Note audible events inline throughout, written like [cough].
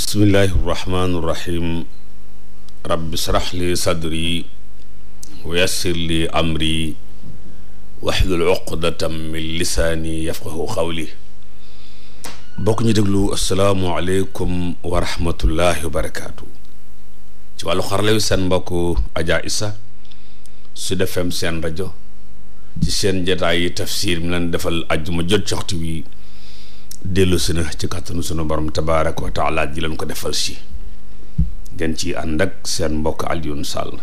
bismillahi irrahmani irrahim rabbi srax li sadri wa li amri waxlul uqdatam min lisaani yafqahu xawli bokk ñu déglu asalaamualeykum wa rahmatullahi wa barakaatu ci wàllu xarale wi seen mbokk Adja Issa Sud seen rajo ci seen jataay yi tafsir mi leen defal ajjuma jot ci waxtu dellu si na ci kàttanu sunu borom tabaaraka wa taala ji leen ko defal si ngeen ci ànd ak seen mbokk Alioune Sall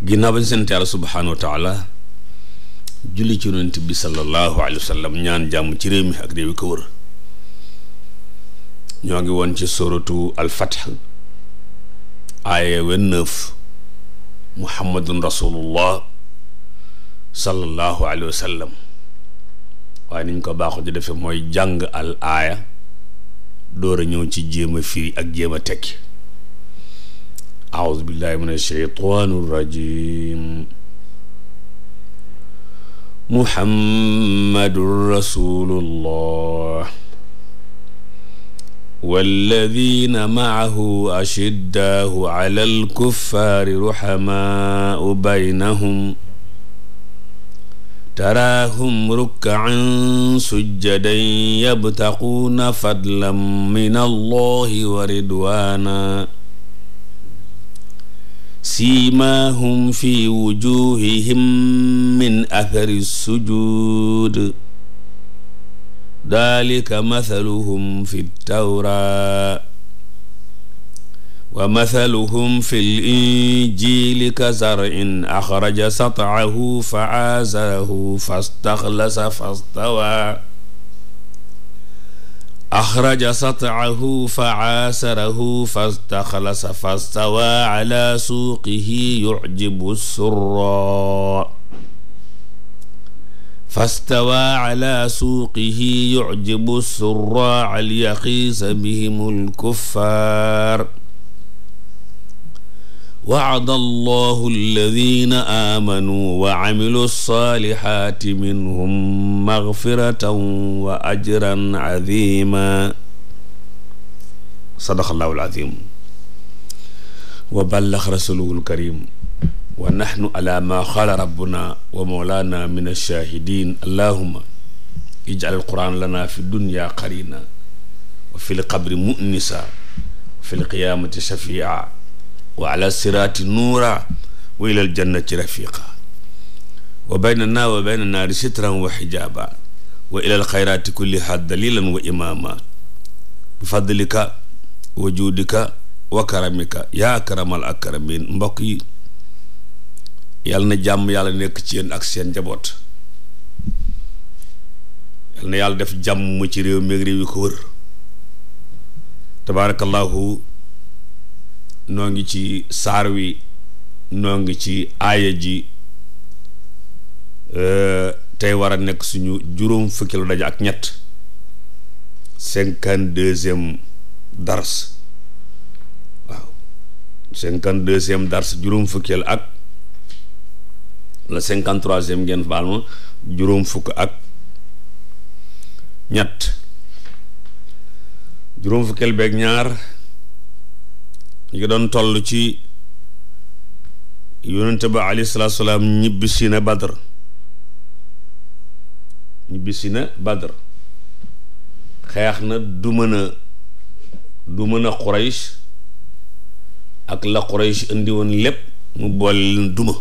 ginnaaw bañ seen yàlla subhaanahu wa taala julli ci yonent bi sallallahu wa sallam ñaan jàmm ci réew mi ak réew yi ko wër ñoo ngi woon ci suratu al fath aaya vingt-neuf muhammadun rasulullah sallallahu alayhi wa sallam waaye niñ ko baaxu di defee mooy jàng al aaya door a ñëw ci jéem a firi ak jéem a tekki aoudu billahi min asheytaan rajim muhammadun rasulullah والذين معه أشداء على الكفار رحماء بينهم taraahum rukkaan sujjadan yabtaquuna fadlan min allahi wa ridwaana siimaahum fi wujuhihim min athari sujud dalika mathaluhum fi tawraa wa mathaluhum fi l injili ka zarin axraja sataahu fa aazarahu fastaxlasa fastawaa axraja sataahu fa aasarahu fastaxlasa fastawaa ala suuqihi yucjibu surraa fastawaa ala suuqihi yucjibu surraa liyaxiisa bihim alkuffaar waada allahu alladina aamanuu wa amilu salihaati minhum magfiratan wa ajran azima sadaqa allahu alazim wa ballax rasuluhu alkarim wa naxnu ala ma qaala rabbuna wa mawlana min alshahidin allahuma ijcal alquran lana fi dunya qarina wa fi lqabri munisa wa fi lqiyamati shafia wa ala siraati nuura wa ilal jannati rafiqa wa baynana wa bayna naari sitran wa xijaaba wa ilal xayraati kulliha dalilan wa imaama bi fadlika wa juudika wa karamika yaa akramal akramin mbokk yi yàlla na jàmm yàlla nekk ci yéen ak seen njaboot yàlla na yàlla def jàmm ci réew mi ak réew yi ko wër tabaarakallahu noo ngi ci saar wi noo ngi ci aaya ji tey war a nekk suñu juróom fukki lu daje ak ñett cinquante deuxième dars waaw cinquante deuxième dars juróom fukkeel ak la cinquante troisième ngeen baal ma juróom fukk ak ñett juróom fukkeel beeg ñaar ñu ngi doon toll ci yonente ba alayhi salaam ñibbisi na badr ñibbisi na badr xeex na du mën a du mën a Quraysh ak la Quraysh indi woon lépp mu boole leen duma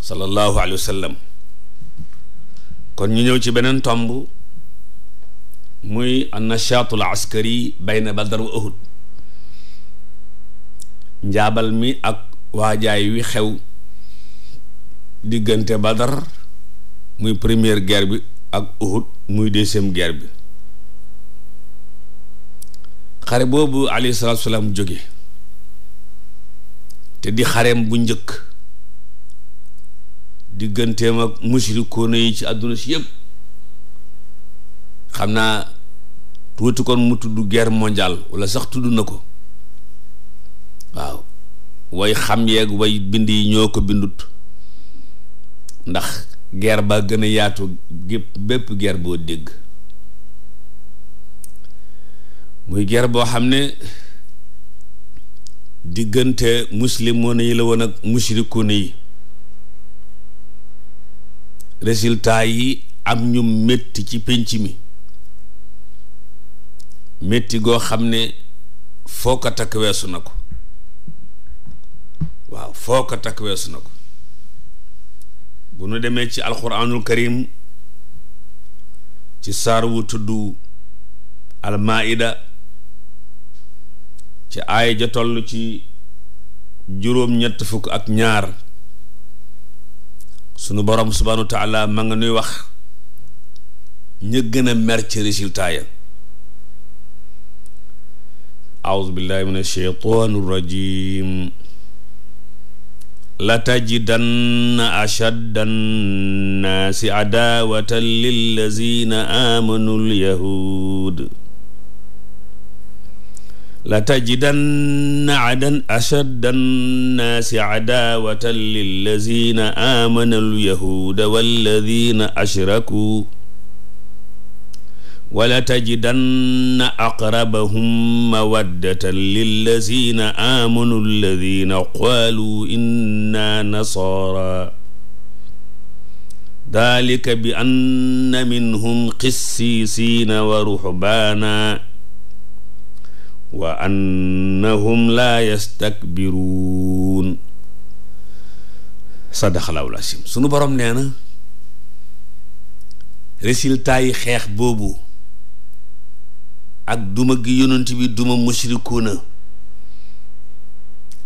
sallallahu alayhi wa kon ñu ñëw ci beneen tomb muy annashaatul askari bayna badr wa uhud njaabal mi ak waajaay wi xew diggante Badar muy première guerre bi ak Uhud muy deuxième guerre bi xare boobu alayhi salaatu salaam jóge te di xareem bu njëkk digganteem ak mushrikoona yi ci àdduna si yëpp xam naa tuuti kon mu tudd guerre mondiale wala sax tudd na ko waaw way xam yeeg way bind yi ñoo ko bindut ndax guerre ba gën a yaatu bépp guerre boo dégg muy guerre boo xam ne diggante muslimoon yi la woon ak mushrikuun yi résultat yi am ñu métti ci pénc mi metti goo xam ne foo ko takk weesu na ko waaw foo ko takk weesu na ko bu nu demee ci alxuraanul karim ci saar wu tudd almaida ci aay ja toll ci juróom-ñett fukk ak ñaar sunu borom subhaanahu wa ma nga nuy wax ña gën a mer ci résultat ya aoudu min alsheytan arrajim la tajidanna ashadda nnaasi adaawatan lillazina aamanu lyahuud la tajidanna adan ashadda nnaasi adaawatan lillazina aamanu lyahuuda wallazina ashrakuu wala tajidanna aqrabahum mawaddatan lillazina amanu allazina qaalu inna nasara dalika bi anna minhum qissisiina wa ruhbaana wa annahum laa yastakbiruun sadaqallaahu l-aziim sunu borom nee na résultat yi xeex boobu ak duma gi yonent bi duma mushrikuuna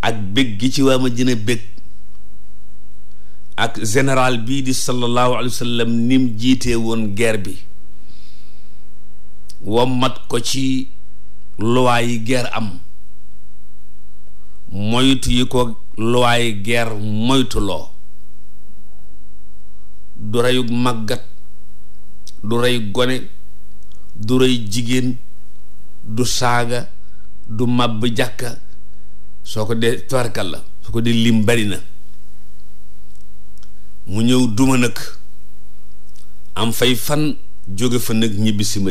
ak bég gi ci waa Madina bég ak général bii di sallallahu alayhi wa sallam nim jiitee woon guerre bi wommat ko ci luwaa yi guerre am moytu yi ko luwaa yi guerre moytuloo du reyu màggat du rey gone du rey jigéen du saaga du màbb jàkka soo ko dee tabarkal la su ko dee lim bari na mu ñëw duma nag am fay fan jóge fa nag ñibbi si ma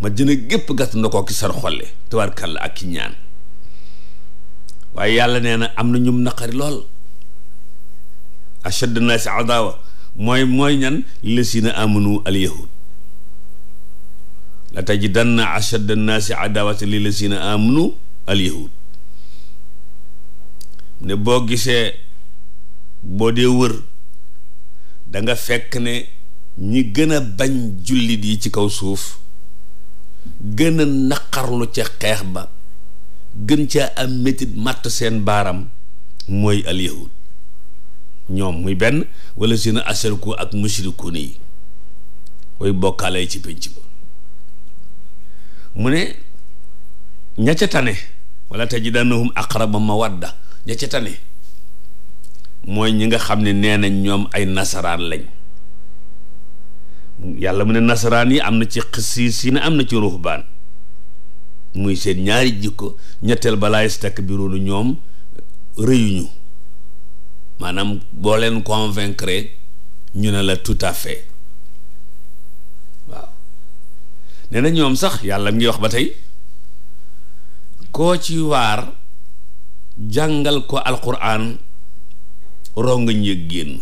Madina gépp gàtt na ko ki sar xolle tabarkal la ak ki ñaan waaye yàlla nee na am na ñum naqari lool ashaddu naasi adaawa mooy mooy ñan lesina amanu al yahud ji naa la tajidanna ashadda annaasi adaawatan lillazina amanu alyahud ne boo gisee boo dee wër danga fekk ne ñi gën a bañ jullit yi ci kaw suuf gën a naqarlu ca xeex ba gën ca am métit màtt seen baaram mooy alyahud ñoom muy benn wala sina asharku ak mushrikuun yi koy bokkaale ci pénc ba mu ne ña ca tane wala tajidannahum aqraba mawadda ña ca tane mooy ñi nga xam ne nee nañ ñoom ay nasaraan lañ yàlla mu ne nasaraan yi am na ci xisiis yi ne am na ci ruhbaan muy seen ñaari jikko ñetteel balaa yastakbiruuna ñoom rëyuñu maanaam boo leen convaincre ñu ne la tout à fait nee ñoom sax yàlla mi ngi wax ba tey koo ci waar jàngal ko alquran rongañ ya génn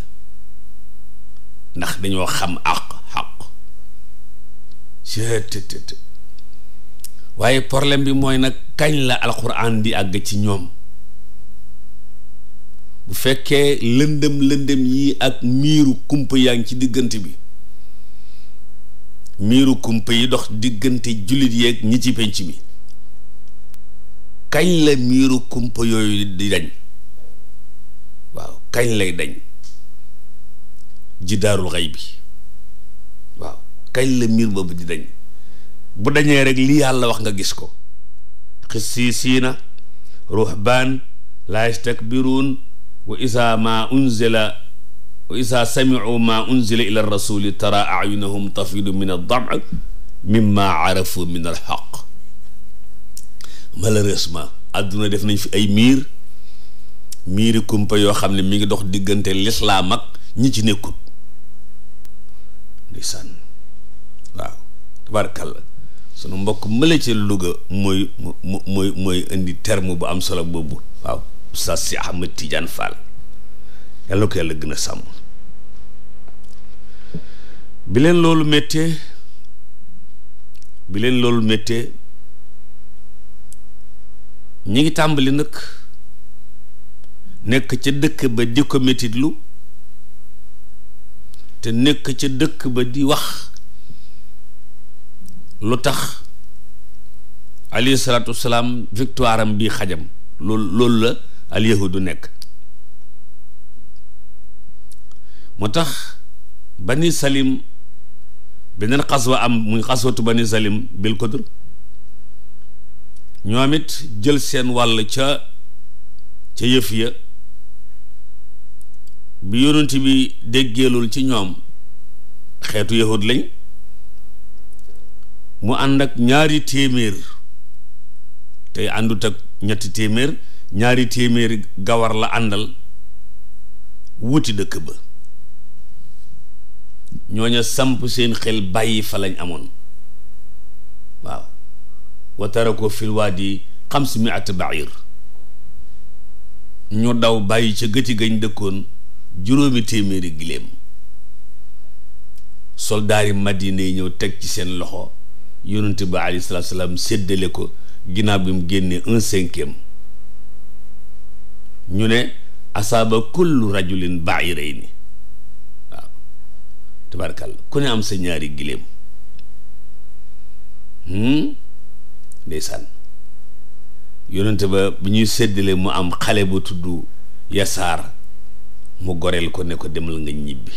ndax dañoo xam àq àq waaye problème bi mooy nag kañ la alquran di àgg ci ñoom bu fekkee lëndëm lëndëm yi ak miiru kumpa yaa ngi ci diggante bi miiru kumpa yi dox diggante jullit yeeg ñi ci penc mi kañ la miiru kumpa yooyu di dañ waaw kañ lay dañ jidaarul xay bi waaw kañ la miir boobu di dañ bu dañee rek li yàlla wax nga gis ko xisiisiina ruhbaan laa yastakbiruun wa isaa maa wa isa samiu ma unzila ila rasuli tara ayunahum tafidu min ad-dam mimma arafu min al-haq malheureusement àdduna def nañ fi ay miir miiri kumpa yoo xam ne mi ngi dox diggante lislaam ak ñi ci nekkut ndeysaan waaw tabarakalla sunu mbokk mële ca Louga mooy mooy mooy indi terme bu am solo boobu waaw Oustaz si Ahmed Tidiane Fall yàlla na ko yàlla gën a sàmm bi leen loolu méttee bi leen loolu méttee ñi ngi tàmbali nag nekk ca dëkk ba di ko métitlu te nekk ca dëkk ba di wax lu tax alayhi salaatu wasalaam bi xajam loolu loolu la al yahudu nekk moo tax bani salim beneen xaswa am muy xaswatu bani salim bil kodr ñoom it jël seen wàll ca ca yëf ya bi yonent bi déggeelul ci ñoom xeetu yahud lañ mu ànd ak ñaari téeméer tey àndut ak ñetti téeméer ñaari téeméer gawar la àndal wuti dëkk ba ñooña samp seen xel bàyyi fa lañ amoon waaw wa tarako fil waadi xams miat bair ñu daw bàyyi ca gëti gañ dëkkoon juróomi téeméeri giléem soldaari madina yi ñëw teg ci seen loxo yonent ba alayhi salaam séddale ko ginnaaw bi mu génnee un cinquième ñu ne asaaba kullu rajulin bairayni tubarkal ku ne am sa ñaari giléem hmm? ndeysaan yonente ba bu ñuy séddale mu am xale bu tudd yasaar mu goreel ko ne ko demal nga ñibbi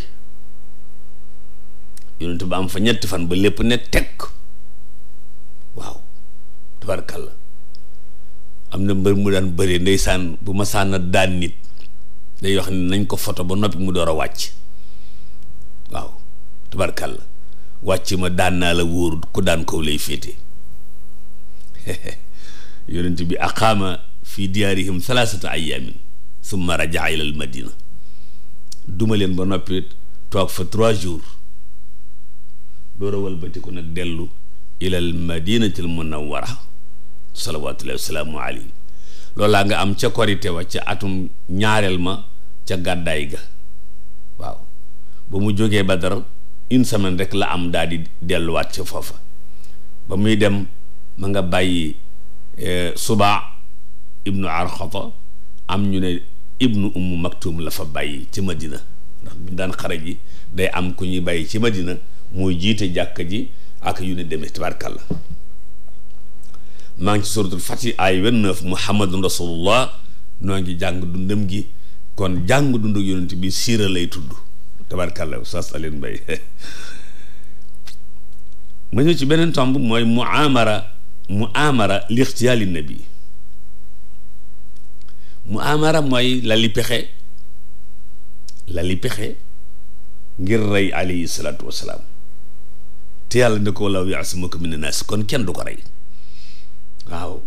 yonente ba am fa ñetti fan ba lépp ne teg waaw tubarkal am na mbër mu daan bëree ndeysaan bu ma sànna daan nit day wax ne nañ ko foto ba noppi mu door a wàcc tubarkal la wàcc ma daan naa la wóor ku daan kow lay féete [laughs] yonent bi aqaama fi diyaarihim thalathata ayaamin summa rajaa ila al madina duma leen ba noppi toog fa trois jours door a walbatiku nag dellu ila al madinati al munawwara salawatullahi wasalaamu alayhi loolu laa nga am ca korité wa ca atum ñaareel ma ca gàddaay ga waaw ba mu jógee Badar une semaine rek la am daal di delluwaat ca foofa ba muy dem ma nga bàyyi eh, subaa ibnu arxata am ñu ne ibnu ummu maktum la fa bàyyi ci madina ndax bi daan xare ji day am ku ñuy bàyyi ci madina moo jiite jàkk ji ak yu ne demee tabarkàlla maa ngi ci suratul fati ay vingt-neuf muhammadun rasulullah noo ngi jàng dundam gi kon jàng dund ak bi siira lay tudd tabarkàlla Oustaz Alioune Mbaye [laughs] ma ñëw ci beneen tomb mooy mu muamara li ixtiyaali nabi muamara mooy la li pexe la li pexe ngir rey alayhi salaatu wasalaam te yàlla ne ko wallahu yaasimuka min annaasi kon kenn du ko rey waaw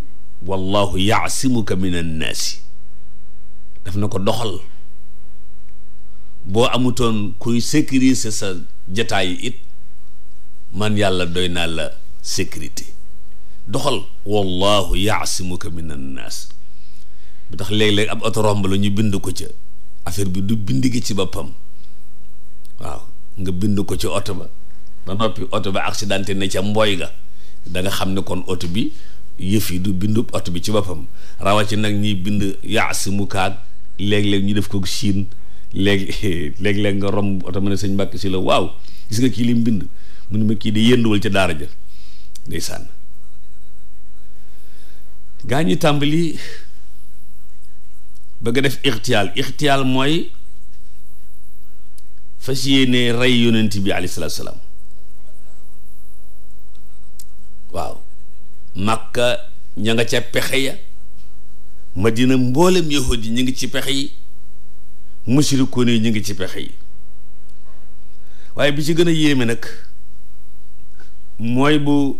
wallahu yaasimuka min annaasi daf na ko doxal boo amutoon kuy sécuriser sa jataay it man yàlla doy naa la sécurité doxal wallahu yaasimuka min annaas bi tax léeg-léeg ab oto romb la ñu bind ko ca affaire bi du bind gi ci boppam waaw nga bind ko ci oto ba ba noppi oto ba accidenté na ca mbooy ga danga xam ne kon oto bi yëf yi du bindu oto bi ci boppam rawatina nag ñiy bind yaasimukaag léeg-léeg ñu def ko siin léegi léeg-léeg nga romb oto ma ne sëñ Mbàkke si la waaw gis nga kii li mu bind mu ne ma kii di yënduwal ca daara ja ndeysaan gaa ñi tàmbali bëgg a def ixtiyaal ixtiyaal mooy fas yéene rey yonent bi alayhi salaam waaw Makka ña nga ca pexe ya ma dina mboolem yahud yi ñu ngi ci pexe yi musirikoon yi ñu ngi ci pexe yi waaye bi ci gën a yéeme nag mooy bu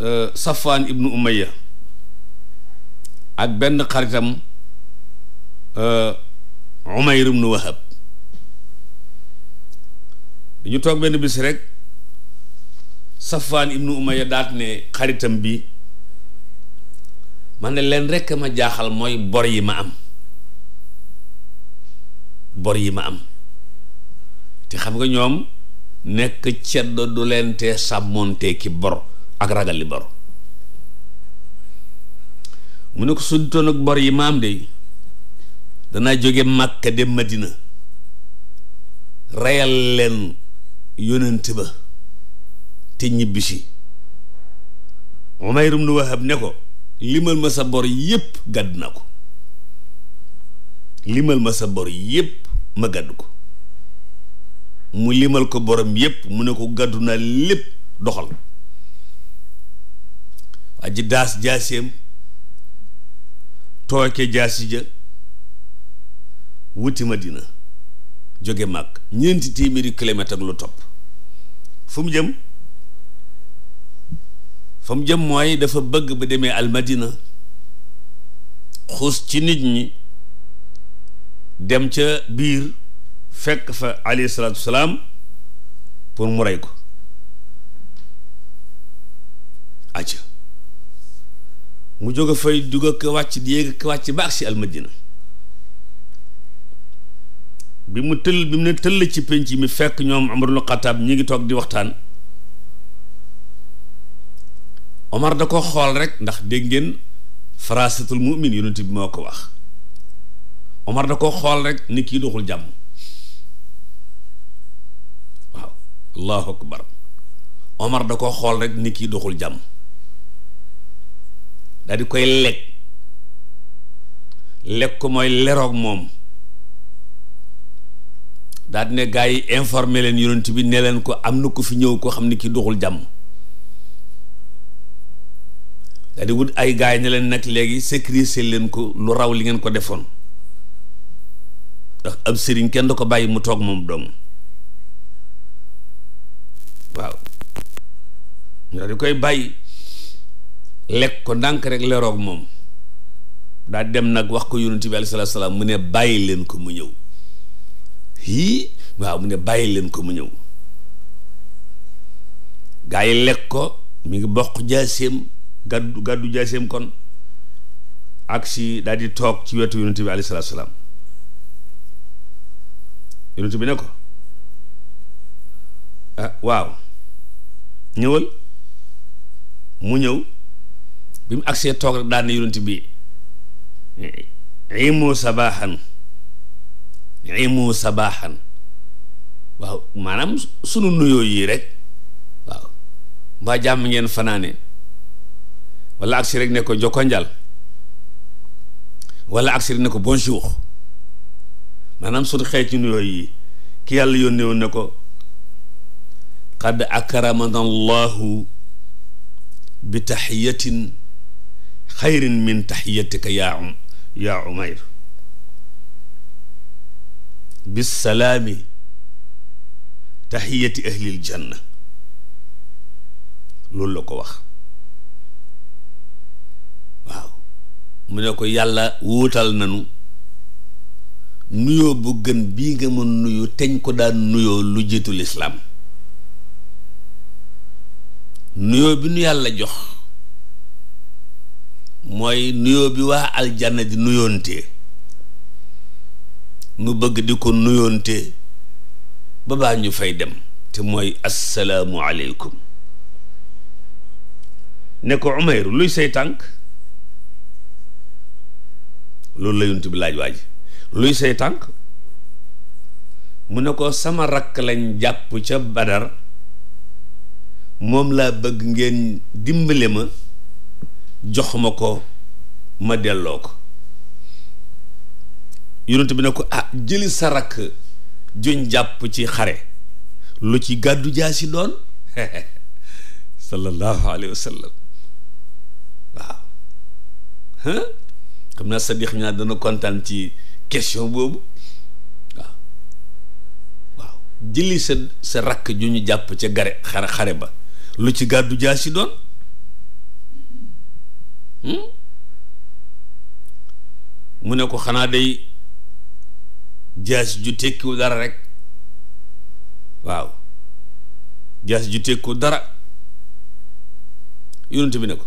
euh, Safwaan ibnu Umayya ak benn xaritam euh, Umayr ibnu Wahab dañu toog benn bis rek Safwaan ibnu Umayya daat ne xaritam bi man ne leen rekk ma jaaxal mooy bor yi ma am bor yi ma am te xam nga ñoom nekk cedd du leen te sàmmoonte ki bor ak ragal li bor mu ne ko suddutoon ak bor yi ma am de danaa jóge Màkka dem Madina reyal leen yónnent ba te ñibbisi Umayr ibn Wahab ne ko limal ma sa bor yépp gàdd na ko limal ma sa bor yépp ma gàddu ko mu limal ko borom yépp mu ne ko gàddu naa lépp doxal waa ji daas jaaseem tooke jaasi ja wuti Madina jóge mag ñeenti téeméeri kilomètre ak lu topp fu mu jëm fa mu jëm mooy dafa bëgg ba demee almadina xuus ci nit ñi dem ca biir fekk fa alayhi salaatu salaam pour mu rey ko acca mu jóg fay dugg ak wàcc di yéeg ak wàcc ba agsi almadina bi mu tëll bi mu ne tëll ci penc mi fekk ñoom amarul xataab ñi ngi toog di waxtaan omar da ko xool rek ndax dégg ngeen farasatul mu'min yonent bi moo ko wax Omar da koo xool rek nit kii doxul jàmm waaw allahu akbar Omar da koo xool rek ni kii doxul jàmm daal di koy lekk lekk ko mooy leroog moom daal ne gaa yi informé leen yonent bi ne leen ko am na ko fi ñëw koo xam ne kii doxul jàmm daal wut ay gaa yi ne leen nag léegi sécuriser leen ko lu raw li ngeen ko defoon ab sëriñ kenn da ko bàyyi mu toog moom dong waaw di koy bàyyi lekk ko ndànk rek leroog moom daa dem nag wax ko yonent bi alayhi salaam mu ne bàyyi leen ko mu ñëw hii waaw mu ne bàyyi leen ko mu ñëw gaa yi lekk ko mu ngi boq jaaseem gàddu gàddu jaaseem kon ak si daal di toog ci wetu yonent bi alayhi salaam yonent bi ne ko ah, waaw ñëwal mu ñëw bi mu agsee toog rek daan na yonent bi imu sabaaxan imu sabaaxan waaw maanaam sunu nuyoo yii rek waaw mbaa jàmm ngeen fanaane wala agsi rek nekko ko jokkonjal wala agsi rek ne ko bonjour maanaam suñu xeeti nuyoo yi ki yàlla yónnee woon ne ko qad akramana allahu bi taxiyatin xayrin min taxiyatika yaa um yaa umayr bisalaami taxiyati ahlil janna loolu la ko wax waaw mu ne ko yàlla wuutal nanu nuyoo bu gën bii nga ma nuyu teñ ko daan nuyoo lu jiitu lislaam nuyoo bi nu yàlla jox mooy nuyoo bi waa aljanna di nuyoonte nu bëgg di ko nuyoontee ba baa ñu fay dem te mooy assalaamu aleykum ne ko Umayr luy say tànk loolu la yonent bi laaj waa luy say tànk mu ne ko sama rakk lañ jàpp ca Badar moom laa bëgg ngeen dimbale ma jox ma ko ma delloo ko yonent bi ne ko ah jëli sa rakk juñ jàpp ci xare lu ci gàddu jaasi doon [laughs] sallallahu alayhi wa sallam waaw xam naa Sadiq ñaa dana kontaan ci question boobu waaw waaw jëli sa sa rakk ju ñu jàpp ca gare xare xare ba lu ci gàddu jaasi doon hmm? mu ne ko xanaa day jaas ju tekkiwu dara rek waaw jaas ju tekkiwu dara yonent bi ne ko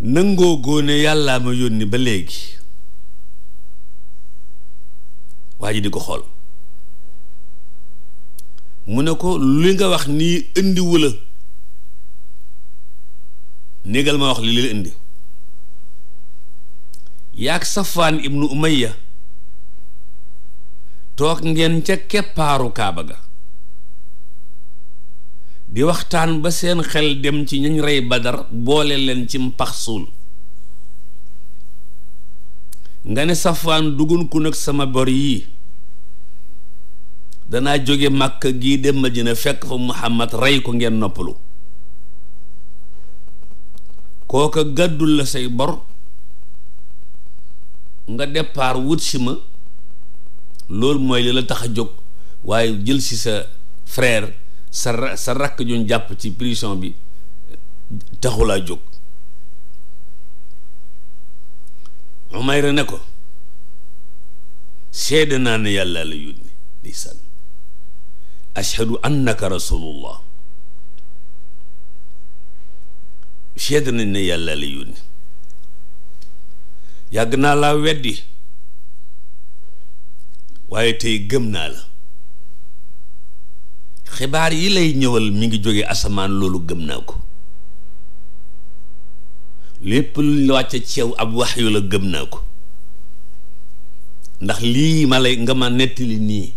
nangoo góone yàllaa ma yónni ba léegi waa ji di ko xool mu ne ko li nga wax nii indiwu la négal ma wax li la indi yaag Safwaan ibnu Umayya toog ngeen ca keppaaru Kaaba ga di waxtaan ba seen xel dem ci ñañ rey Badar boole leen ci mpax suul nga ne safwaan dugun ku nag sama bor yii danaa jóge màkk gii dem Madina fekk fa Muhammad rey ko ngeen noppalu kooka gàddul la say bor nga départ wut si ma loolu mooy li la tax a jóg waaye jël si sa freer sa sa rakk juñ jàpp ci prison bi taxulaa jóg Umayra ne ko seede naa ne yàlla la yónni ndeysaan ashhadu la yónni yàgg waaye tey gëm naa la xibaar yi lay ñëwal mu ngi jóge asamaan loolu gëm naa ko lépp luñ la wàcce ci yow ab wax la gëm naa ko ndax lii ma lay nga ma nettali nii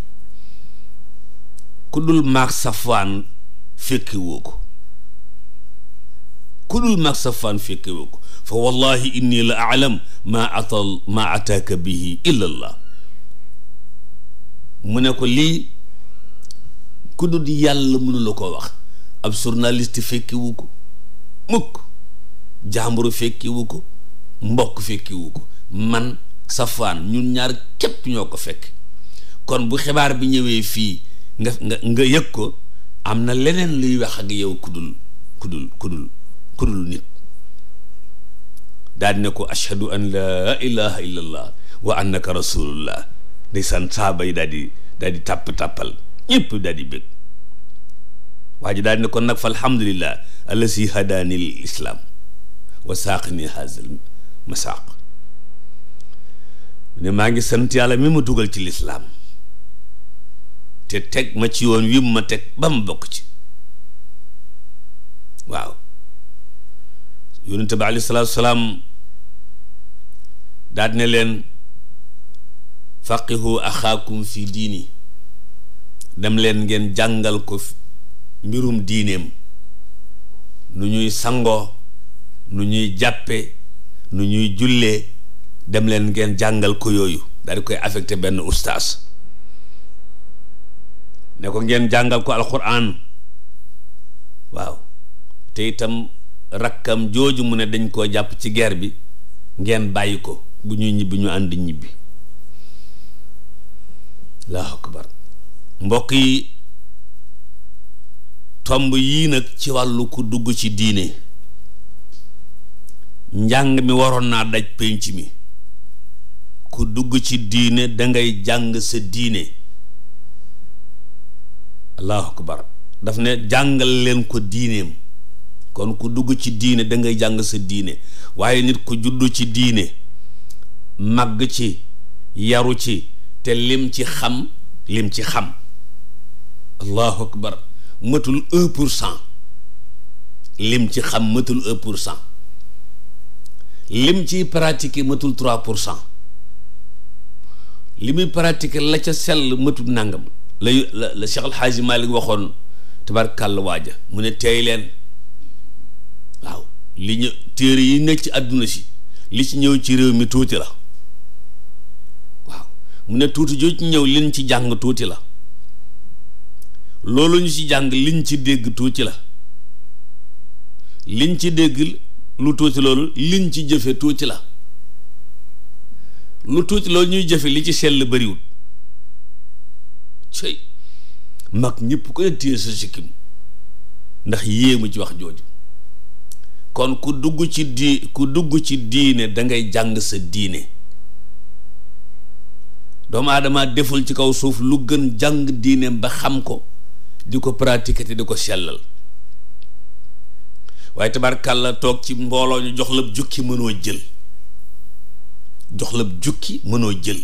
ku dul maag safaan fekkiwoo ku dul maag safaan fekkiwoo fa wallahi inni la alam ma ma ataaka bihi illa allah mu ne ko lii ku dul yàlla mënu la ko wax ab journaliste fekkiwu ko jàmburu fekkiwu ko mbokk fekkiwu ko man safaan ñun ñaar képp ñoo ko fekk kon bu xibaar bi ñëwee fii nga nga nga yëg ko am na leneen luy wax ak yow kudul kudul kudul kudul nit daal ne ko ashhadu an laa ilaha illa allah wa annaka rasulullah ndeysaan saaba yi daal di tàpp-tàppal ñëpp daal di bég waa ji daal ne kon nag fa alhamdulillah allasi hadani lil islam wa saaqni haazal masaaq ne maa ngi sant yàlla mi ma dugal ci lislaam te teg ma ci yoon wi ma teg ba mu bokk ci waaw yonente bi aleyhi salaam daat ne leen faqihu axaakum fi diini dem leen ngeen jàngal ko mbirum diineem lu ñuy sangoo nu ñuy jàppe nu ñuy jullee dem leen ngeen jàngal ko yooyu daal di koy affecté benn ustaas ne ko ngeen jàngal ko alxuraan waaw te itam rakkam jooju mu ne dañ koo jàpp ci guerre bi ngeen bàyyi ko bu ñuy ñibbi ñu ànd ñibbi allahu yi tomb yii nag ci wàllu ku dugg ci diine njàng mi waroon naa daj pénc mi ku dugg ci diine dangay jàng sa diine allahu akbar daf ne jàngal leen ko diineem kon ku dugg ci diine dangay jàng sa diine waaye nit ku juddu ci diine màgg ci yaru ci te lim ci xam lim ci xam allahu akbar matul un pour cent lim ci xam matul un pour cent lim ci pratiquer matul 3 pour cent li muy pratiquer la ca sell matul nangam la la la Cheikh Alxaaji Malik waxoon tabarkàll waaja mu ne teey leen waaw li ñu téere yi nekk ci àdduna si li ci ñëw ci réew mi tuuti la waaw mu ne tuuti joo ci ñëw liñ ci jàng tuuti la loolu ñu ci jàng liñ ci dégg tuuti la liñ ci dégg lu tuuti loolu liñ ci jëfe tuuti la lu tuuti loolu ñuy jëfe li ci sell bariwut cëy mag ñépp ko ne téye sa sikkim ndax yéemu ci wax jooju kon ku dugg ci di ku dugg ci diine dangay jàng sa diine doomu aadama deful ci kaw suuf lu gën jàng diineem ba xam ko di ko pratiquer te di ko sellal waaye tabarkàlla toog ci mbooloo ñu jox lab jukki mënoo jël jox lab jukki mënoo jël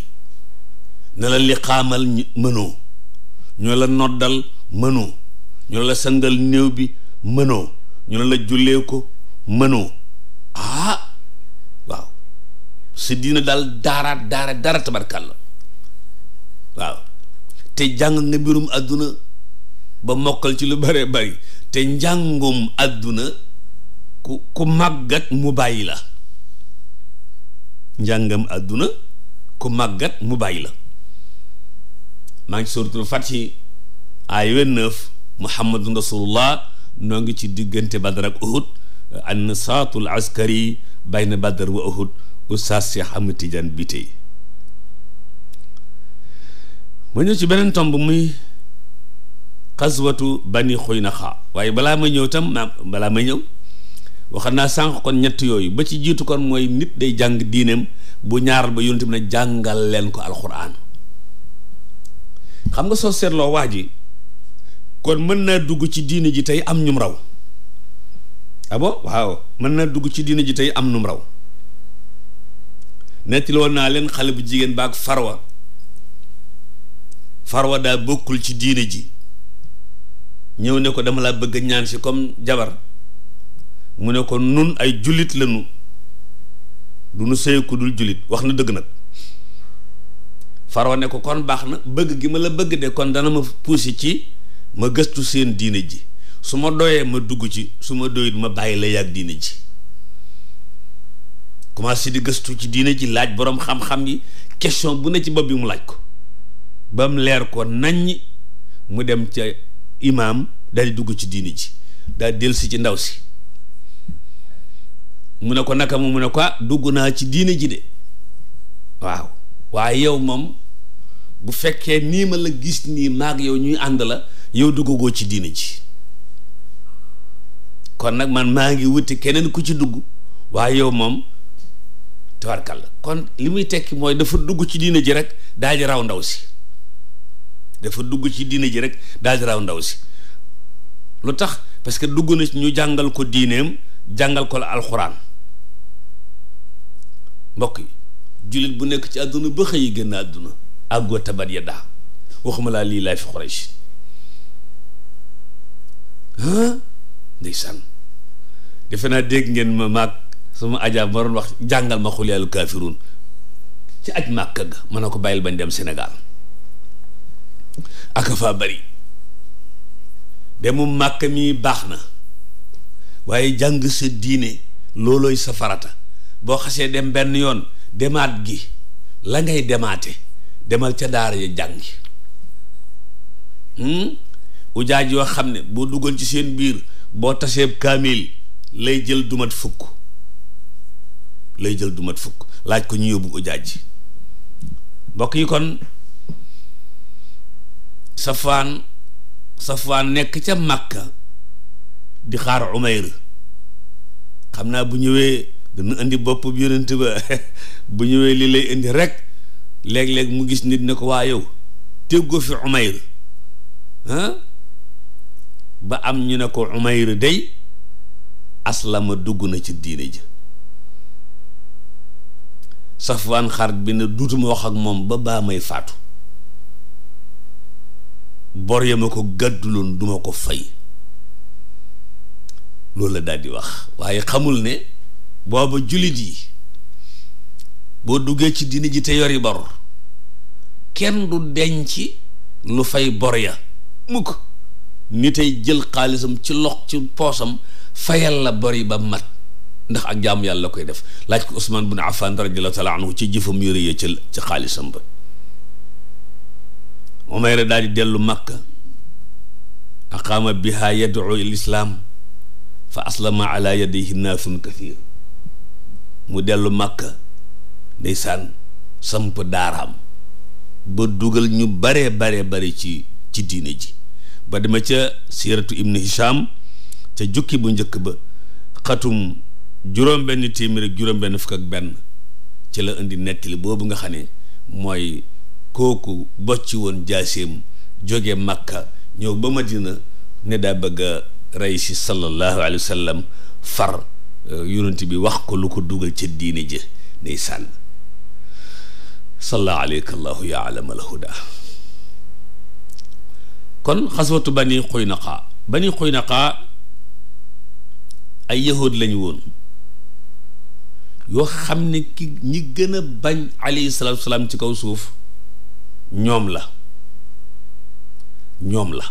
ne la liqaamal mënoo ñu la noddal mënoo ñu la sangal néew bi mënoo ñu la jullee ko mënoo ah waaw si diina daal daaraat daara dara tabarkàlla waaw te jàng nga mbirum àdduna ba mokkal ci lu bare bari te njàngum àdduna ku ku màggat mu bàyyi la njàngam àdduna ku màggat mu bàyyi la maa ngi suratul Fatiha aay wenneuf muhammadun rasulullah noo ngi ci diggante badar ak uhud annasaatul askari bayna badar wa uhud oustaz bi tey ma ñëw ci beneen tomb muy xaswatu bani xuynaxa waaye balaa ma ñëw tam balaa ma ñëw waxam naa sànq kon ñett yooyu ba ci jiitu kon mooy nit day jàng diineem bu ñaaral ba yonent bi ne jàngal leen ko alxuraan xam nga soo seetloo waa ji kon mën naa dugg ci diine ji tey am ñum raw ah bon mën naa dugg ci diine ji tey am ñum raw nettali naa leen xale bu jigéen baag farwa farwa daa bokkul ci diine ji ñëw ne ko dama laa bëgg ñaan si comme jabar mu ne ko nun ay jullit lañu du nu sëy ku dul jullit wax na dëgg nag farao ne ko kon baax na bëgg gi ma la bëgg de kon dana ma puusi ci ma gëstu seen diine ji su ma doyee ma dugg ci su ma doyit ma bàyyi la yàgg diine ji commencé di gëstu ci diine ji laaj boroom xam-xam yi question bu ne ci bopp bi mu laaj ko ba mu leer ko naññ mu dem ca imaam daal di dugg ci diine ji daal delsi ci ndaw si mu ne ko naka mu mu ne ko ah, dugg naa ci diine ji de waaw waaye yow moom bu fekkee nii ma la gis nii maag yow ñuy ànd la yow duggagoo ci diine ji kon nag man maa ngi wuti keneen ku ci dugg waaye yow moom tawarkal kon li muy tekki mooy dafa dugg ci diine ji rek daal di raw ndaw si dafa dugg ci diine ji rek daal di raw ndaw si lu tax parce que dugg na ñu jàngal ko diineem jàngal ko la alxuraan mbokk yi jullit bu nekk ci àdduna ba xëy yi génn àdduna àggoo tabat ya daa waxuma laa lii laay fi Quraysh ndeysaan defe naa dégg ngeen ma maag suma ajaab ma doon wax jàngal ma xul yàllu kaafiruun ci aj màkka ga mën na ko bàyyil bañ dem senegal aka faa bari demu màkk mi baax na waaye jàng sa diine loolooy sa farata boo xasee dem benn yoon demaat gi la ngay demaate demal ca daara ya jàngi hmm? ujaaj yoo xam ne boo duggoon ci seen biir boo tasee kaamil lay jël dumat fukk lay jël dumat fukk laaj ko ñu yóbbu ujaaj ji mbokk yi kon safaan safaan nekk ca màkka di xaar umayr xam naa bu ñëwee dana indi bopp bi yonent ba [laughs] bu lay indi rek léeg-léeg mu gis nit ni ko waa yow téggoo fi umayr ba am ñu ne ko umayr day aslama dugg na ci diine ji safwaan xarit bi ne duutuma wax ak moom ba baa may faatu bor ya ma ko gàdduloon duma ko fay loolu la daal di wax waaye xamul ne booba jullit yi boo duggee ci diini ji te yori bor kenn du denc lu fay bor ya mukk ni tey jël xaalisam ci lox ci poosam fayal la bor yi ba mat ndax ak jaamu yàlla koy def laaj ko Usmaan bin Affaan radiyallaahu taala anhu ci jëfam yu rëy ci ci xaalisam ba Umayra daal di dellu Makka aqaama biha yad'u il islaam fa aslama ala yadayhi naasun kathiir mu dellu màkka ndeysaan samp daaraam ba dugal ñu bare bare bare ci ci diine ji ba dama ca siiratu ibnu hisham ca jukki bu njëkk ba xatum juróom benn téeméer ak juróom benn fukk ak benn ci la indi nettali boobu nga xam ne mooy kooku bocci woon jaaseem jóge màkka ñëw ba ma dina ne daa bëgg a rey si sallallahu alayhi wa far Euh, yonent bi wax ko lu ko dugal ca diine ji day sànn salla aleyka allahu ya alamal huda kon xaswatu bani xuynaqa bani xuynaqa ay yahuud lañu woon yoo xam ne ki ñi gën a bañ alayhi salaatu salaam ci kaw suuf ñoom la ñoom la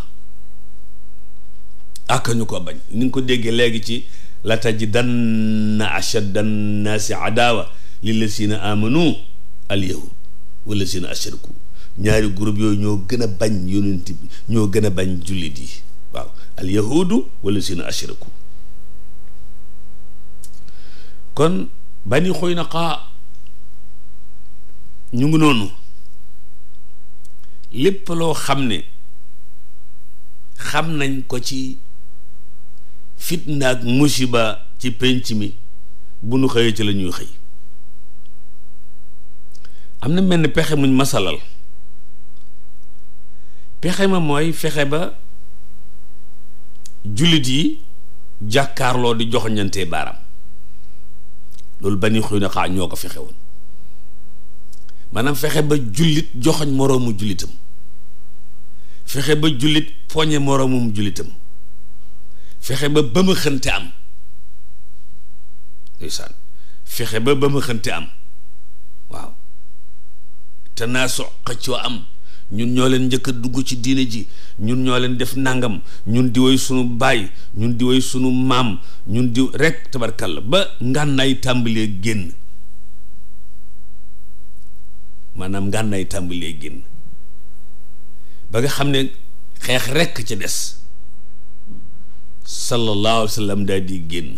ak ñu ko bañ ni nga ko déggee léegi ci la tajidanna ashadda annaasi adaawa lillazina amanu al yahud wallazina ashraku ñaari group yooyu ñoo gën a bañ yonent bi ñoo gën a bañ jullit yi waaw al yahudu wallazina ashraku kon bani Xuynaqa ñu ngi noonu lépp loo xam ne xam nañ ko ci fitna ak musiba ci pénc mi bu nu xëyee ci la ñuy xëy am na mel ni pexe muñ masalal pexe ma mooy fexe ba jullit yi jàkkaarloo di joxoñante baaraam loolu ba ni xuy na xaa ñoo ko fexe woon maanaam fexe ba jullit joxoñ moroomu jullitam fexe ba jullit poñe moroomum jullitam fexe ba ba ma xënte am ndeysaan ba ba am waaw te naa so xëccoo am ñun ñoo leen njëkk a dugg ci diine ji ñun ñoo leen def nangam ñun di woy sunu baay ñun di woy sunu maam ñun di rekk tabarkal ba ngànnaay tàmbalee génn maanaam ngànnaay tàmbalee génn ba nga xam ne xeex rekk ca des sallallahu alayhi wa sallam daal di génn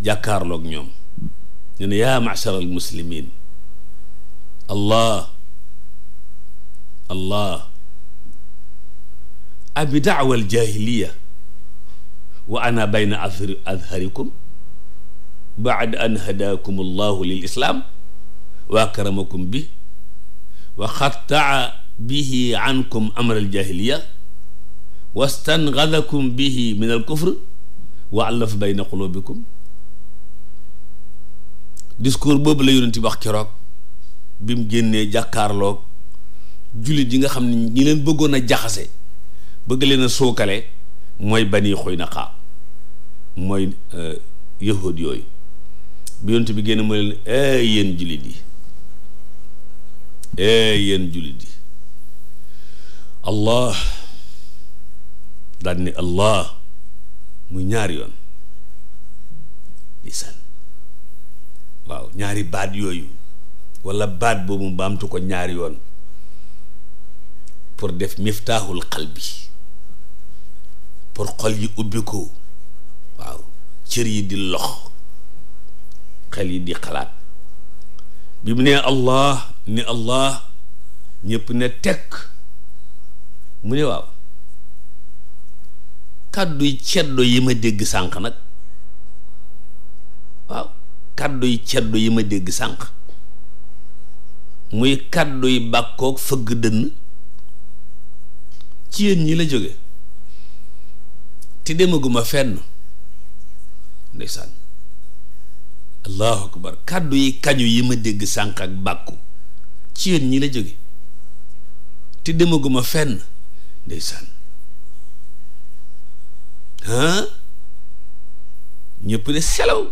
jàkkaarloog ñoom ne na yaa machar al muslimin allah allah abi daawa al jahiliya wa ana bayna azharikum baad an hadaakum allahu lil islaam wa akramakum bi wa xattaa bihi ankum amra al jahiliya wastanghadakum bihi min al kufr wa allafa bayna qulubikum discours boobu la yonent bi wax keroog bi mu génnee jàkkaarlook jullit yi nga xam ne ñi leen bëggoon a jaxase bëgg leen a sookale mooy bani naqa mooy euh, yahud yooyu bi yonent bi génn mu leen ee yéen jullit yi ee yéen jullit yi allah daal ni allah muy ñaar yoon waaw ñaari baat yooyu walla baat boobu baamtu ko ñaari yoon pour def miftaaxul qalbi pour xol yi ubbi ko waaw cër yi di lox xel yi di xalaat bi mu nee allah ni allah ñëpp ne tekk mu ne waaw kàdduy ceddo yi ma dégg sànq nag waaw kàdduy ceddo yi ma dégg sànq muy kàdduy bàkkoog fëgg dënn ci yéen ñi la jóge te demaguma fenn ndeysaan allahu akbar kàddu yi kañu yi ma dégg sànq ak bàkku ci yéen ñi la jóge te demaguma fenn ndeysaan ñëpp ne selaw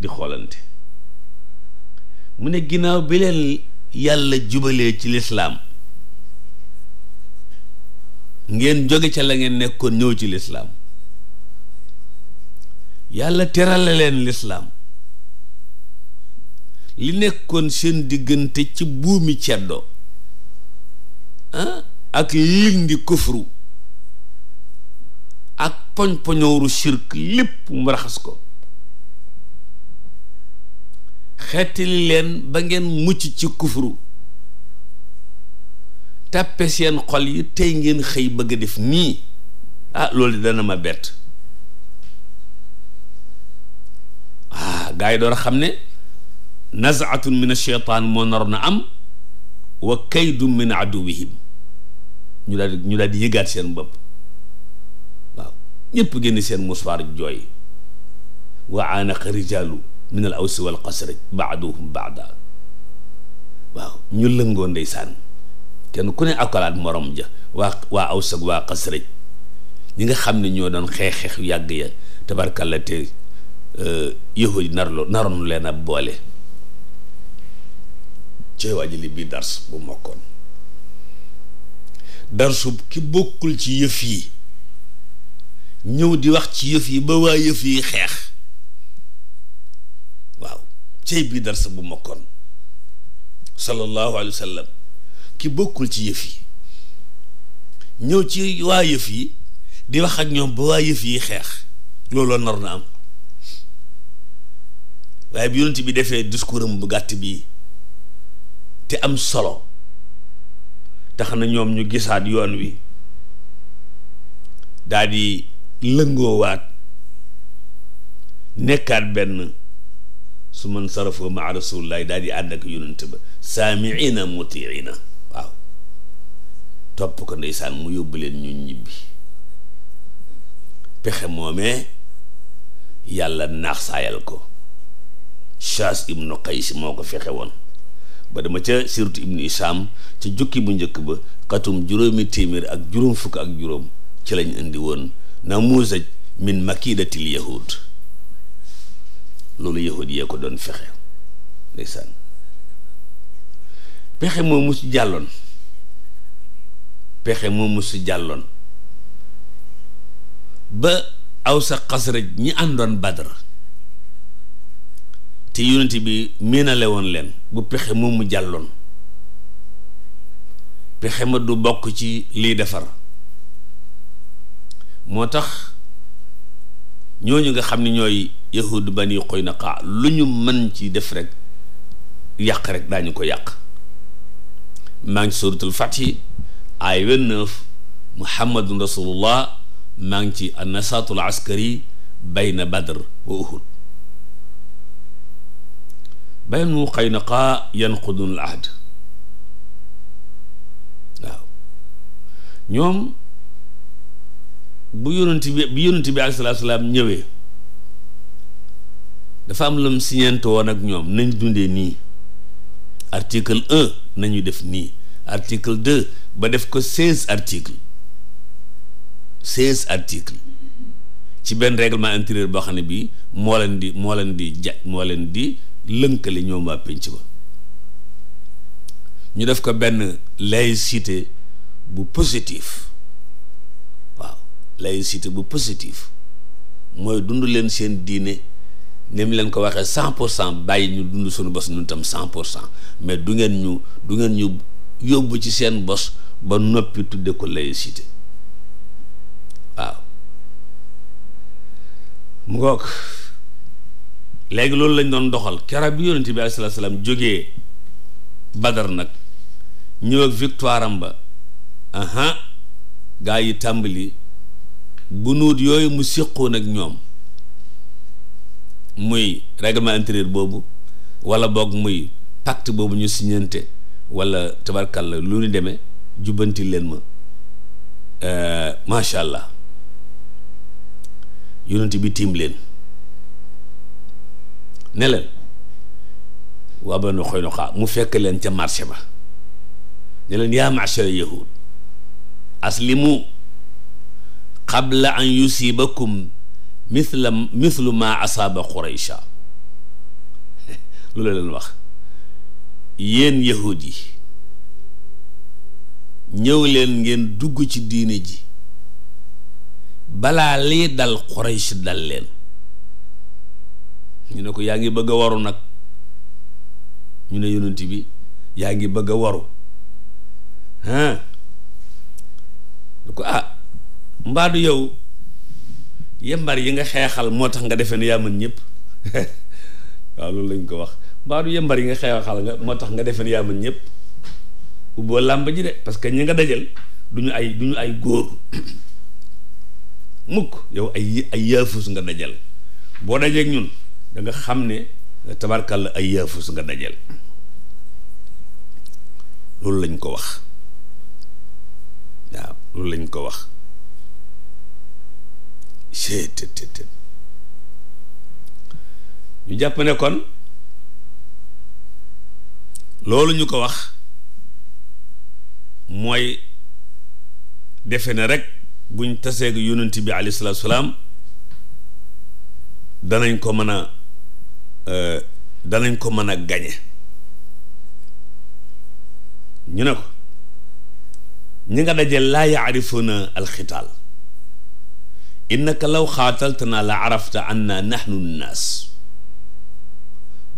di xoolante mu ne ginnaaw bi leen yàlla jubalee ci lislaam ngeen jóge ca la ngeen nekkoon ñëw ci lislaam yàlla terale leen lislaam li nekkoon seen diggante ci buumi ceddo ak lindi kufru ak poñ poñooru shirk lépp mu raxas ko xettali leen ba ngeen mucc ci kufru tàppe seen xol yi tey ngeen xëy bëgg def nii ah loolu dana ma bett ah gaa yi door xam ne nazaatun min asheytaan moo naroon na am wa kaydun min aduwihim ñu daal ñu daal di yëgaat seen bopp ñépp génn seen musfaar jooy wa aanaqa rijaalu min al awsi wal xasraj baaduhum baada waaw ñu lëngoo ndeysaan kenn ku ne akolaat morom ja waa waa aws waa xasraj ñi nga xam ne ñoo doon xeex-xeex yàgg ya tabarkalla te euh, yahudi narlo naroon leen a boole cey waaji li bii dars bu mokkoon darsub ki bokkul ci yëf yi ñëw di wax ci yëf yi ba waa yëf yi xeex waaw cey bii darsa bu mokkoon sallallahu alayhi wa sallam ki bokkul ci yëf yi ñëw ci waa yëf yi di wax ak ñoom ba waa yëf yi xeex looloo nar na am waaye bi yonent bi defee discours am bu gàtt bi te am solo tax na ñoom ñu gisaat yoon wi daal di lëngoowaat nekkaat benn su man sarafoo ma rasulillahi daal di ànd ak yonent ba saamiina mutiina waaw topp ko ndeysaan mu yóbbu leen ñu ñibbi pexe moomee yàlla naax saayal ko Shaas ibnu Qays moo ko fexe woon ba dama ca surtout ibnu Isaam ca jukki bu njëkk ba xatum juróomi téeméer ak juróom fukk ak juróom ci lañ indi woon namuzaj min makidatil yahud loolu yahud yee ko doon fexe ndeysaan pexe moomu mus jàlloon pexe moo mus jàlloon ba aw sa xasraj ñi àndoon badar te yonent bi miinale woon leen bu pexe moomu jàlloon pexe ma du bokk ci liy defar moo tax ñooñu nga xam ni ñooy yahudu bani Qaynuqa lu ñu mën ci def rek yàq rek daañu ko yàq maa ngi suratul Fathi ay vingt-neuf muhammadun rasulullah maa ngi ci annasaatul askari bayna badr wa uhud banu Qaynuqa yanqudun al ahd waaw ñoom bu yonent bi bi yonent bi alayhi salaam ñëwee dafa am lum siñeent woon ak ñoom nañ dundee nii article nañu def nii article deux ba def ko seize article seize article ci benn règlement intérieur boo xam ne bii moo leen di moo leen di ja ñoom waa pénc ba ñu def ko benn laïcité bu positif laïcité bu positif mooy dund leen seen diine ni mu leen ko waxee cent cent bàyyi ñu dund suñu bos ñun tam cent cent mais du ngeen ñu du ngeen ñu yóbbu ci seen bos ba noppi tudde ko laïcité waaw mu ngoog léegi loolu lañ doon doxal keroog bi yonent bi alayhi salaatu salaam jógee Badar nag ñëw ak am ba aha gaa yi tàmbali bu nuut yooyu mu siqoon ak ñoom muy règlement intérieur boobu wala boog muy pacte boobu ñu siñante wala tabarkalla lu ñu demee jubbanti leen ma euh, macha allah yonent bi tiim leen ne leen waa ba nu xoy nu xaa mu fekk leen ca marché ba ne leen yaa marché yahud aslimu qabla an yusibakum mithla mithlu ma asaaba quraysha [laughs] loolu leen wax yéen yahud yi ñëw leen ngeen dugg ci diine ji balaa lii dal quraysh dal leen ñu ne ko yaa ngi bëgg a waru nag ñu ne yonent bi yaa ngi bëgg a waru ah du ko ah mbaadu yow yembar yi nga xeexal moo tax nga defee ne yaa mën ñëpp [laughs] waaw loolu lañ ko wax mbaadu yembar yi nga xeexal nga moo tax nga defee ne yaa mën ñëpp ubboo làmb ji de parce que ñu nga dajal du ñu ay du ñu ay góor [coughs] mukk yow ay ay yaafus nga dajal boo dajeek ñun danga xam ne tabarkal ay yaafus nga dajal loolu lañ ko wax waaw loolu lañ ko wax ñu jàpp ne kon loolu ñu ko wax mooy defe ne rek buñ taseeg yonent bi alayhi salaam danañ ko mën a euh, danañ ko mën a gañe ñu ne ko ñi nga dajee laa yaarifuuna alxitaal innaka law xaataltanaa la arafta anna nahnu nnaas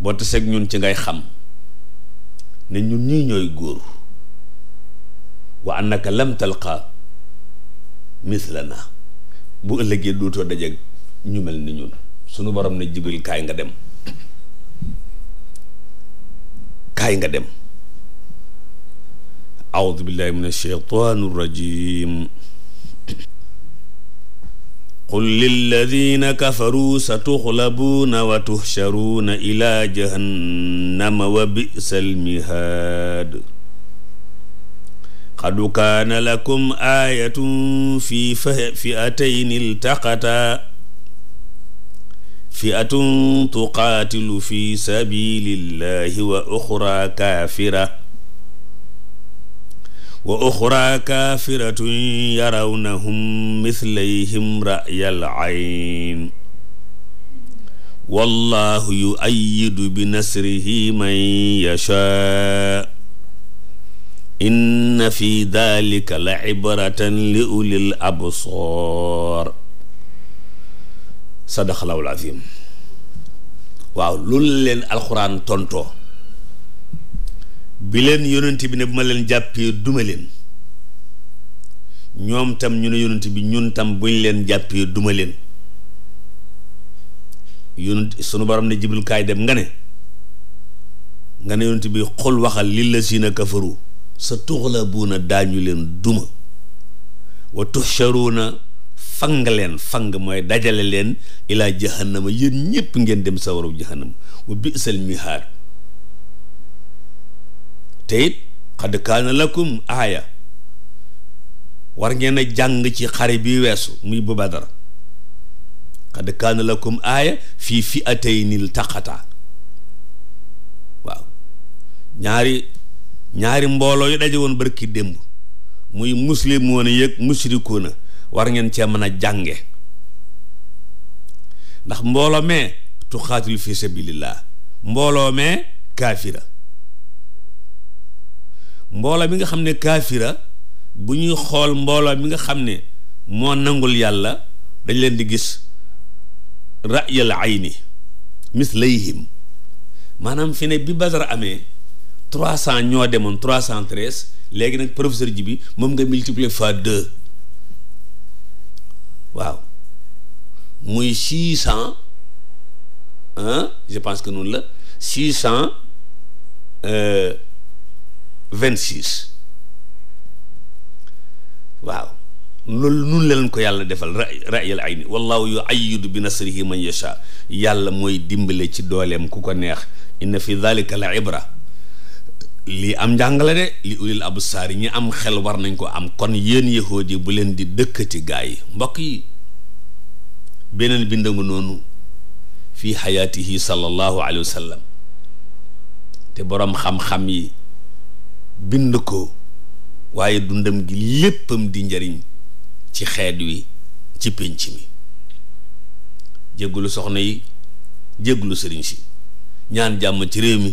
boo taseeg ñun ci ngay xam ne ñun ñii ñooy góor wa annaka lam talqa mislana bu ëllëgee dootoo dajeeg ñu mel ni ñun sunu borom ne jibril kaay nga dem kaay nga dem aoudu billahi min alcheytan arrajim qul lilladina kafaru sa tuxlabuuna wa tuxcharuuna ila jahannama wa bisa almihaad qad kaana lakum aayatun fi fiatayni iltaqataa fiatun tuqaatilu fi sabilillahi wa uxra kaafira wa oxra kaafiratun yarawnahum mislayhim rayal ayn wallahu yuayidu bi nasrihi man yashaa inna fi dalika la ibratan li ulil absar sadaqallahul azim waaw loolu leen alxuraan tontoo bi leen yonanti bi ne bu ma leen jàppee duma leen ñoom tam ñu ne yonent bi ñun tam buñ leen jàppee duma leen yonent sunu borom ne jibril kaay dem nga ne nga ne yonent bi xul waxal lil lazina kafaru sa tuxlabuuna daañu leen duma wa tuxcharuuna fang leen fang mooy dajale leen ilaa jahannama yéen ñëpp ngeen dem sawaru jahannama wa bisal mihaad te it xad kaana lakum aaya war ngeen jàng ci xare bi weesu muy bu badar xad kaana lakum aaya fii fi atayni ltaqata waaw ñaari ñaari mbooloo yu daje woon barki démb muy muslimoona yëg musrikoona war ngeen cee mën a jànge ndax mbooloo mee tuxaatil fi sabilillah mbooloo mee kaafira mbooloo mi nga xam ne kaafira bu ñuy xool mbooloo mi nga xam ne moo nangul yàlla dañ leen di gis rayal ayni mislayhim maanaam fi ne bi Badar amee trois cent ñoo demoon trois cent treize léegi nag professeur ji bi moom nga multiplier fois deux waaw muy six cent je pense que noonu la six euh, 26 waaw loolu nun leen ko yàlla defal ra rayal ay ni wallahu yu ayidu bi nasrihi man yasha yàlla mooy dimbale ci dooleem ku ko neex inna fi dhalika la ibra lii am njàngale de li ulil absaar ñi am xel war nañ ko am kon yéen yahood yi bu leen di dëkkati gaa yi mbokk yi beneen bind noonu fii xayaatihi sallallahu alayhi wa te boroom xam-xam yi bind ko waaye dundam gi léppam di njariñ ci xeet wi ci pénc mi jéggulu soxna yi jéggulu sëriñ si ñaan jàmm ci réew mi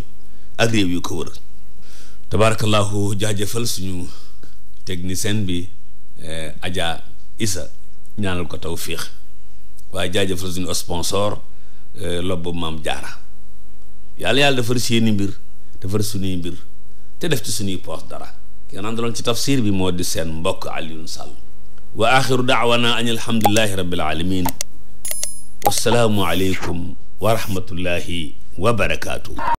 ak réew yu ko wër tabaarakallaahu jaajëfal suñu technicien bi eh, Adja Isa ñaanal ko tawfiix waaye jaajëfal suñu sponsor eh, lobb maam jaara yàlla yàlla defar seeni mbir defar suñuy mbir te def ci suñuy poos dara ki nga naan daloon ci tafsir bi moo di seen mbokk Alioune Sall wa axiru daawana an alhamdulillahi rabbil alamin wassalaamu aleykum wa rahmatullahi wa barakaatu